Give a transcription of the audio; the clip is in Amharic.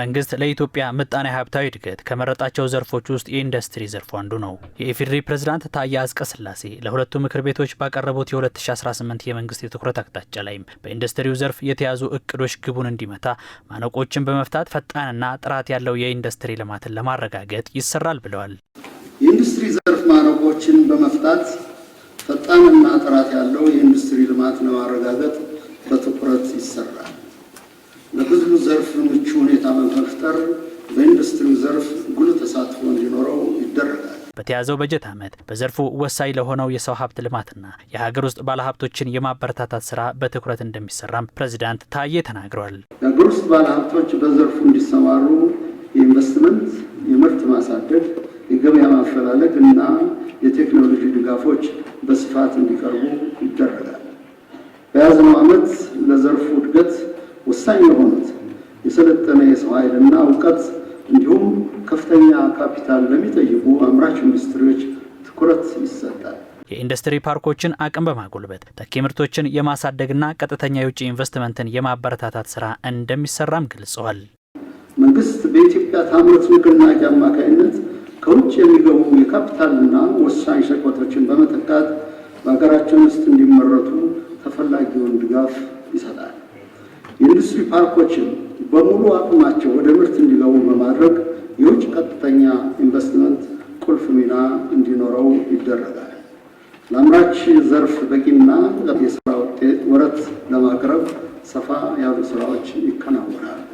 መንግስት ለኢትዮጵያ ምጣኔ ሀብታዊ እድገት ከመረጣቸው ዘርፎች ውስጥ የኢንዱስትሪ ዘርፉ አንዱ ነው። የኢፌዴሪ ፕሬዝዳንት ታዬ አጽቀሥላሴ ለሁለቱ ምክር ቤቶች ባቀረቡት የ2018 የመንግስት የትኩረት አቅጣጫ ላይም በኢንዱስትሪው ዘርፍ የተያዙ እቅዶች ግቡን እንዲመታ ማነቆችን በመፍታት ፈጣንና ጥራት ያለው የኢንዱስትሪ ልማትን ለማረጋገጥ ይሰራል ብለዋል። የኢንዱስትሪ ዘርፍ ማነቆችን በመፍታት ፈጣንና ጥራት ያለው የኢንዱስትሪ ልማት ለማረጋገጥ በትኩረት ይሰራል። ለብዙ ዘርፍ ሁኔታ በመፍጠር በኢንዱስትሪው ዘርፍ ጉልህ ተሳትፎ እንዲኖረው ይደረጋል። በተያዘው በጀት ዓመት በዘርፉ ወሳኝ ለሆነው የሰው ሀብት ልማትና የሀገር ውስጥ ባለሀብቶችን የማበረታታት ስራ በትኩረት እንደሚሰራም ፕሬዚዳንት ታዬ ተናግሯል። የሀገር ውስጥ ባለሀብቶች በዘርፉ እንዲሰማሩ የኢንቨስትመንት፣ የምርት ማሳደግ፣ የገበያ ማፈላለግ እና የቴክኖሎጂ ድጋፎች በስፋት እንዲቀርቡ ይደረጋል። በያዝነው ዓመት ለዘርፉ እድገት ወሳኝ የሰው ኃይልና እውቀት እንዲሁም ከፍተኛ ካፒታል ለሚጠይቁ አምራች ኢንዱስትሪዎች ትኩረት ይሰጣል። የኢንዱስትሪ ፓርኮችን አቅም በማጎልበት ተኪ ምርቶችን የማሳደግና ቀጥተኛ የውጭ ኢንቨስትመንትን የማበረታታት ስራ እንደሚሰራም ገልጸዋል። መንግስት በኢትዮጵያ ታምረት ንቅናቄ አማካኝነት ከውጭ የሚገቡ የካፒታልና ወሳኝ ሸቀጦችን በመተካት በሀገራችን ውስጥ እንዲመረቱ ተፈላጊውን ድጋፍ ይሰጣል። የኢንዱስትሪ ፓርኮችን በሙሉ አቅማቸው ወደ ምርት እንዲገቡ በማድረግ የውጭ ቀጥተኛ ኢንቨስትመንት ቁልፍ ሚና እንዲኖረው ይደረጋል። ለአምራች ዘርፍ በቂና የስራ ውጤት ወረት ለማቅረብ ሰፋ ያሉ ስራዎች ይከናወናሉ።